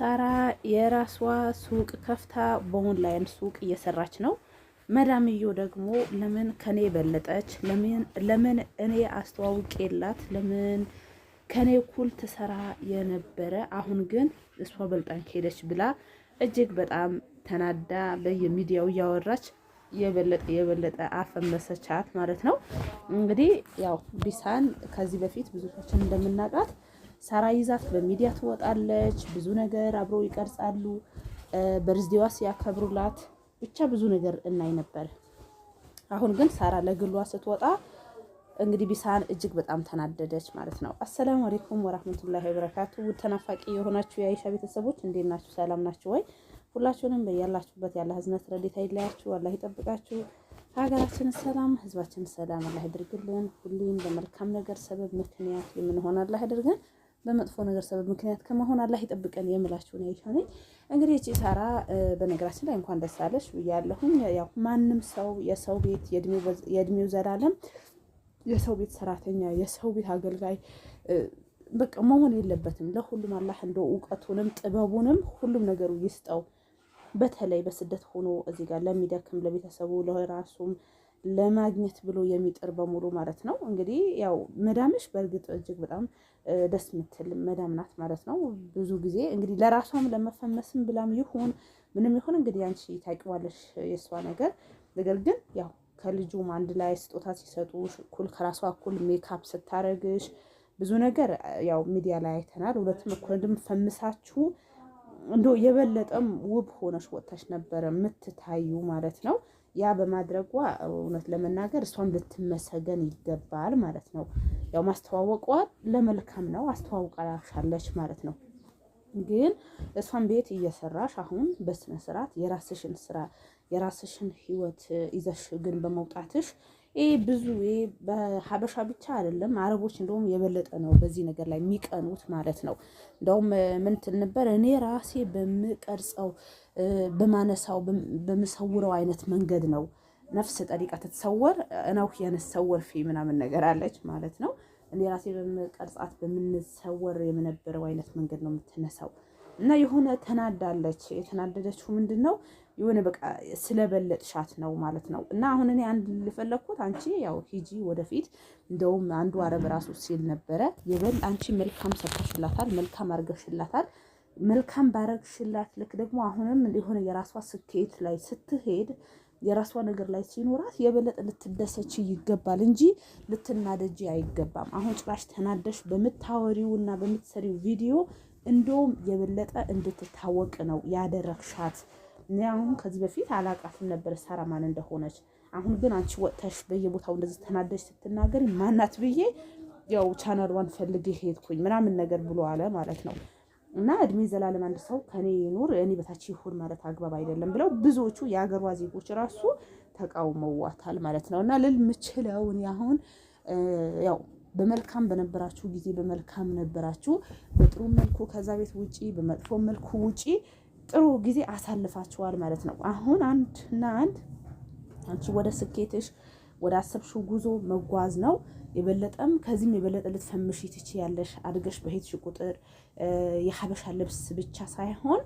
ሳራ የራሷ ሱቅ ከፍታ በኦንላይን ሱቅ እየሰራች ነው። መዳምዮ ደግሞ ለምን ከኔ በለጠች? ለምን እኔ አስተዋውቄላት ለምን ከኔ እኩል ትሰራ የነበረ አሁን ግን እሷ በልጣን ከሄደች ብላ እጅግ በጣም ተናዳ በየሚዲያው እያወራች የበለጠ የበለጠ አፈመሰቻት ማለት ነው። እንግዲህ ያው ቢሳን ከዚህ በፊት ብዙዎቻችን እንደምናውቃት ሳራ ይዛት በሚዲያ ትወጣለች። ብዙ ነገር አብረው ይቀርጻሉ። በርዝዴዋ ሲያከብሩላት ብቻ ብዙ ነገር እናይ ነበር። አሁን ግን ሳራ ለግሏ ስትወጣ እንግዲህ ቢሳን እጅግ በጣም ተናደደች ማለት ነው። አሰላሙ አሌይኩም ወራህመቱላሂ ወበረካቱ። ውድ ተናፋቂ የሆናችሁ የአይሻ ቤተሰቦች እንዴት ናችሁ? ሰላም ናችሁ ወይ? ሁላችሁንም በያላችሁበት ያለ ህዝነት ረዴታ ይለያችሁ፣ አላህ ይጠብቃችሁ። ሀገራችን ሰላም፣ ህዝባችን ሰላም አላህ ያድርግልን። ሁሌም በመልካም ነገር ሰበብ ምክንያት የምንሆን አላህ ያድርገን። በመጥፎ ነገር ሰበብ ምክንያት ከመሆን አላህ ይጠብቀን የምላችሁ ነው። ይሻኔ እንግዲህ እቺ ሳራ በነገራችን ላይ እንኳን ደስ አለሽ ብያለሁኝ። ያው ማንም ሰው የሰው ቤት የእድሜው ዘላለም የሰው ቤት ሰራተኛ፣ የሰው ቤት አገልጋይ በቃ መሆን የለበትም። ለሁሉም አላህ እንደ እውቀቱንም ጥበቡንም ሁሉም ነገሩ ይስጠው። በተለይ በስደት ሆኖ እዚህ ጋር ለሚደክም ለቤተሰቡ ለራሱም ለማግኘት ብሎ የሚጥር በሙሉ ማለት ነው። እንግዲህ ያው መዳምሽ በእርግጥ እጅግ በጣም ደስ የምትል መዳም ናት ማለት ነው። ብዙ ጊዜ እንግዲህ ለራሷም ለመፈመስም ብላም ይሁን ምንም ይሁን እንግዲህ አንቺ ታውቂዋለሽ የእሷ ነገር። ነገር ግን ያው ከልጁም አንድ ላይ ስጦታ ሲሰጡሽ እኩል ከራሷ እኩል ሜካፕ ስታረግሽ ብዙ ነገር ያው ሚዲያ ላይ አይተናል። ሁለቱም እኩልም ፈምሳችሁ እንደ የበለጠም ውብ ሆነሽ ወጥተሽ ነበረ የምትታዩ ማለት ነው። ያ በማድረጓ እውነት ለመናገር እሷን ልትመሰገን ይገባል ማለት ነው። ያው ማስተዋወቋ ለመልካም ነው፣ አስተዋውቃሻለች ማለት ነው። ግን እሷን ቤት እየሰራሽ አሁን በስነ ስርዓት የራስሽን ስራ የራስሽን ህይወት ይዘሽ ግን በመውጣትሽ ይህ ብዙ ይህ በሀበሻ ብቻ አይደለም፣ አረቦች እንደውም የበለጠ ነው በዚህ ነገር ላይ የሚቀኑት ማለት ነው። እንደውም ምንትል ነበር እኔ ራሴ በምቀርጸው በማነሳው በምሰውረው አይነት መንገድ ነው ነፍስ ጠሪቃ ትትሰወር እናው የነሰወር ፊ ምናምን ነገር አለች ማለት ነው። እኔ ራሴ በምቀርጻት በምንሰወር የምነበረው አይነት መንገድ ነው የምትነሳው እና የሆነ ተናዳለች። የተናደደችው ምንድን ነው የሆነ በቃ ስለበለጥሻት ነው ማለት ነው። እና አሁን እኔ አንድ ልፈለግኩት አንቺ ያው ሂጂ ወደፊት። እንደውም አንዱ አረብ ራሱ ሲል ነበረ የበል አንቺ መልካም ሰርተሽላታል፣ መልካም አርገሽላታል። መልካም ባረግሽላት ልክ ደግሞ አሁንም የሆነ የራሷ ስኬት ላይ ስትሄድ የራሷ ነገር ላይ ሲኖራት የበለጠ ልትደሰች ይገባል እንጂ ልትናደጅ አይገባም። አሁን ጭራሽ ተናደሽ በምታወሪው እና በምትሰሪው ቪዲዮ እንደውም የበለጠ እንድትታወቅ ነው ያደረግሻት። አሁን ከዚህ በፊት አላቃትም ነበር ሳራ ማን እንደሆነች። አሁን ግን አንቺ ወጥተሽ በየቦታው እንደዚህ ተናደሽ ስትናገሪ ማናት ብዬ ያው ቻናሏን ፈልጌ ሄድኩኝ ምናምን ነገር ብሎ አለ ማለት ነው። እና እድሜ ዘላለም አንድ ሰው ከኔ ይኑር እኔ በታች ይሁን ማለት አግባብ አይደለም ብለው ብዙዎቹ የአገሯ ዜጎች ራሱ ተቃውመዋታል ማለት ነው። እና ልል ምችለውን ያሁን ያው በመልካም በነበራችሁ ጊዜ በመልካም ነበራችሁ። በጥሩ መልኩ ከዛ ቤት ውጪ፣ በመጥፎ መልኩ ውጪ ጥሩ ጊዜ አሳልፋችኋል ማለት ነው። አሁን አንድ እና አንድ አንቺ ወደ ስኬትሽ ወደ አሰብሽው ጉዞ መጓዝ ነው። የበለጠም ከዚህም የበለጠ ልትፈምሽ ያለሽ አድገሽ በሄድሽ ቁጥር የሀበሻ ልብስ ብቻ ሳይሆን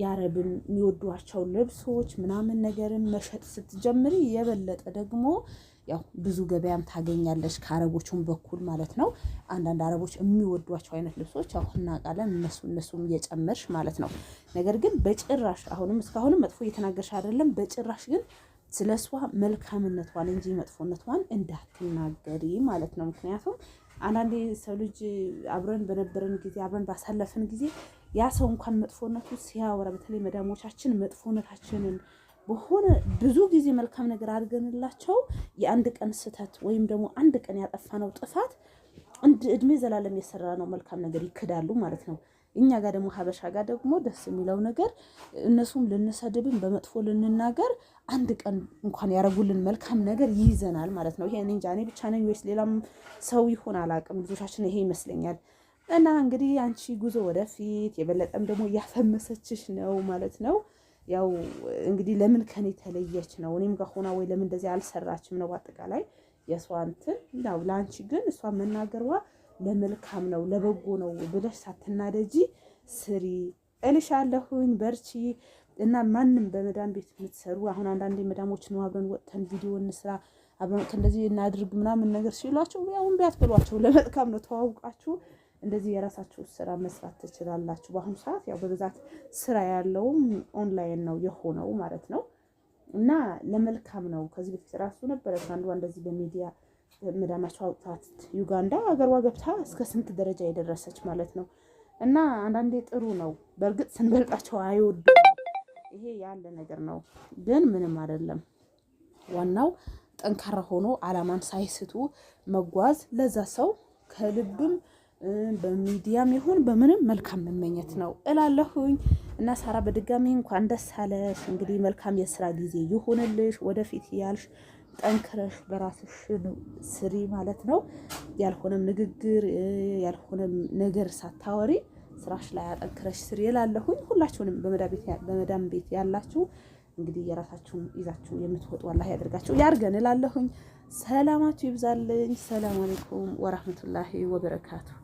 የአረብን የሚወዷቸው ልብሶች ምናምን ነገርን መሸጥ ስትጀምሪ የበለጠ ደግሞ ያው ብዙ ገበያም ታገኛለች ከአረቦቹም በኩል ማለት ነው። አንዳንድ አረቦች የሚወዷቸው አይነት ልብሶች ያው እናውቃለን፣ እነሱ እነሱም እየጨመርሽ ማለት ነው። ነገር ግን በጭራሽ አሁንም እስካሁንም መጥፎ እየተናገርሽ አይደለም። በጭራሽ ግን ስለ እሷ መልካምነቷን እንጂ መጥፎነቷን እንዳትናገሪ ማለት ነው። ምክንያቱም አንዳንዴ ሰው ልጅ አብረን በነበረን ጊዜ አብረን ባሳለፈን ጊዜ ያ ሰው እንኳን መጥፎነቱ ሲያወራ፣ በተለይ መዳሞቻችን መጥፎነታችንን በሆነ ብዙ ጊዜ መልካም ነገር አድርገንላቸው የአንድ ቀን ስህተት ወይም ደግሞ አንድ ቀን ያጠፋነው ጥፋት እንድ እድሜ ዘላለም የሰራነው መልካም ነገር ይክዳሉ ማለት ነው። እኛ ጋር ደግሞ ሀበሻ ጋር ደግሞ ደስ የሚለው ነገር እነሱም ልንሰድብን በመጥፎ ልንናገር አንድ ቀን እንኳን ያደረጉልን መልካም ነገር ይይዘናል ማለት ነው። ይሄ እንጃ እኔ ብቻ ነኝ ወይስ ሌላም ሰው ይሆን አላውቅም። ልጆቻችን ይሄ ይመስለኛል። እና እንግዲህ አንቺ ጉዞ ወደፊት የበለጠም ደግሞ እያፈመሰችሽ ነው ማለት ነው። ያው እንግዲህ ለምን ከኔ ተለየች ነው እኔም ጋር ሆና ወይ ለምን እንደዚህ አልሰራችም ነው በአጠቃላይ የእሷ እንትን ያው ለአንቺ ግን እሷ መናገሯ ለመልካም ነው ለበጎ ነው ብለሽ ሳትናደጂ ስሪ እልሻለሁኝ። በርቺ እና ማንም በመዳም ቤት የምትሰሩ አሁን አንዳንዴ መዳሞች ነው አብረን ወጥተን ቪዲዮ እንስራ አብረን ወጥተን እንደዚህ እናድርግ ምናምን ነገር ሲሏቸው ያው እምቢ አትበሏቸው። ለመልካም ነው ተዋውቃችሁ እንደዚህ የራሳችሁ ስራ መስራት ትችላላችሁ። በአሁኑ ሰዓት ያው በብዛት ስራ ያለውም ኦንላይን ነው የሆነው ማለት ነው እና ለመልካም ነው። ከዚህ በፊት ራሱ ነበረች አንዷ እንደዚህ በሚዲያ መዳማቸው አውጥታት ዩጋንዳ አገሯ ገብታ እስከ ስንት ደረጃ የደረሰች ማለት ነው። እና አንዳንዴ ጥሩ ነው። በእርግጥ ስንበልጣቸው አይወዱ ይሄ ያለ ነገር ነው፣ ግን ምንም አይደለም። ዋናው ጠንካራ ሆኖ አላማን ሳይስቱ መጓዝ ለዛ ሰው ከልብም በሚዲያም ይሁን በምንም መልካም መመኘት ነው እላለሁኝ። እና ሳራ በድጋሚ እንኳን ደስ አለሽ። እንግዲህ መልካም የስራ ጊዜ ይሁንልሽ። ወደፊት ያልሽ ጠንክረሽ በራስሽ ስሪ ማለት ነው። ያልሆነም ንግግር ያልሆነም ነገር ሳታወሪ ስራሽ ላይ አጠንክረሽ ስሪ እላለሁኝ። ሁላችሁንም በመዳም ቤት ያላችሁ እንግዲህ የራሳችሁን ይዛችሁ የምትወጡ አላህ ያደርጋችሁ ያርገን እላለሁኝ። ሰላማችሁ ይብዛልኝ። ሰላም አለይኩም ወራህመቱላሂ ወበረካቱሁ።